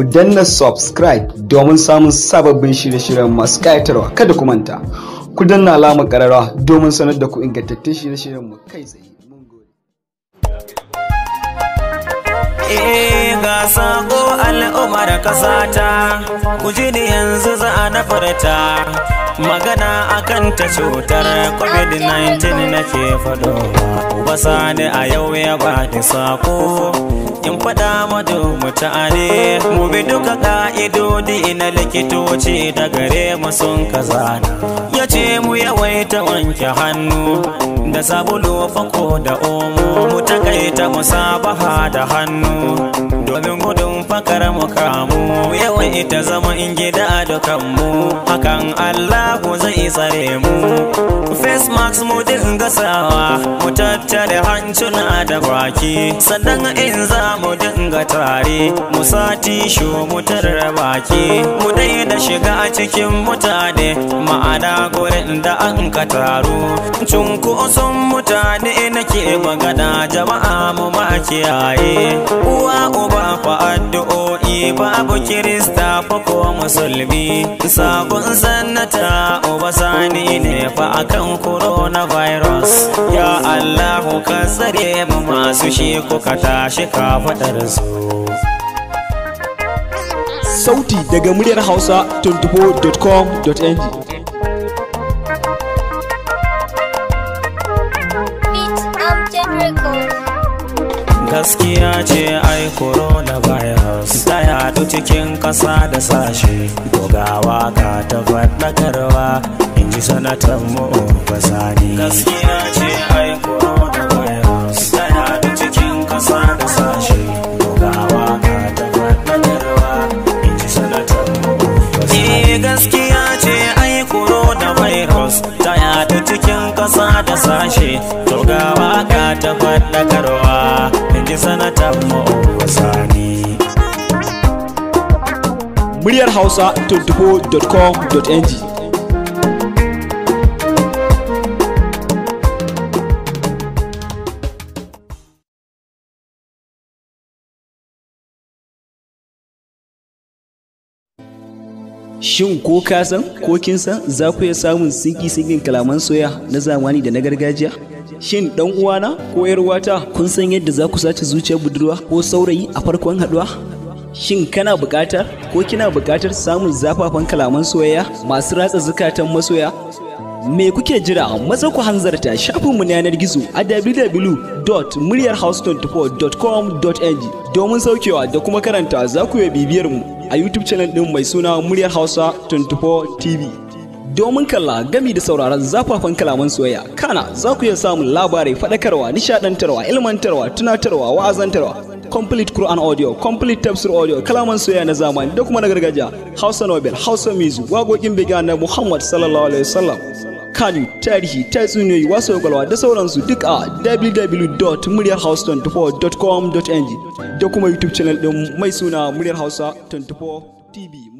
ku danna subscribe domin samun sababbin shirye-shiryen masu kayatarwa, kada ku manta ku danna alamar ƙararwa domin sanar da ku ingantattun shirye-shiryen mu kai tsaye Eh ga sako da kasata ku ji ni yanzu za a na magana akan ta cutar covid-19 nake fadowa uba sani a yau ya bani sako in fada madu mutane mu bi duka ka'idodi na likitoci da gare mu sun kazana ya ce mu yawaita wanke hannu da sabulu fako da omo mu takaita musabaha da hannu domin gudun fakar mu ita zama in gida a dukanmu hakan Allah zai tsare mu face mask mu dinga sawa mu tattare hancuna da baki sannan in za mu dinga tare mu sa tishu mu tarra baki mu dai da shiga cikin mutane ma'ana gurin da an ka taro cunkoson mutane nake magana jama'a mu ma kiyaye uwa uba fa'addu musulmi babu kirista fa ko musulmi sakon sannata obasani ne fa akan virus ya allahu ka tsare mu masu shi ka tashi ka fadar su sauti daga muryar hausa 24.com.ng gaskiya ce ai coronavirus ta yadu cikin kasa da sashe gogawa ka ta faɗakarwa in ji sanatan mu gaskiya ce sashe to ga waka ta faɗakarwa in ji sanatan ma'uwa sani muryar hausa 24.com.ng Shin ko ka san ko kin san za ku iya samun sinki sinkin kalaman soya na zamani da na gargajiya? Shin ɗan uwana ko yar uwata kun san yadda za ku sace zuciyar budurwa ko saurayi a farkon haɗuwa. Shin kana buƙatar ko kina buƙatar samun zafafan kalaman soyayya masu ratsa zukatan masoya? Me kuke jira maza ku hanzarta shafinmu na yanar gizo a www.muryarhouse24.com.ng domin saukewa da kuma karanta za ku iya bibiyar mu. a YouTube channel ɗin mai suna muryar Hausa 24 TV. Domin kalla gami da sauraron zafafan kalaman soyayya, kana za ku iya samun labarai faɗakarwa, nishaɗantarwa, ilmantarwa, tunatarwa, wa'azantarwa. Complete Quran audio, complete tafsir audio, kalaman soyayya na zamani da kuma na gargajiya, Hausa Nobel, Hausa Mizu, waƙoƙin biga na Muhammad sallallahu alaihi wasallam. kanu tarihi tatsuniyoyi wasu kwakwalwa da sauransu duk a www.muryarhouse24.com.ng da kuma youtube channel din mai suna muryar hausa 24 tv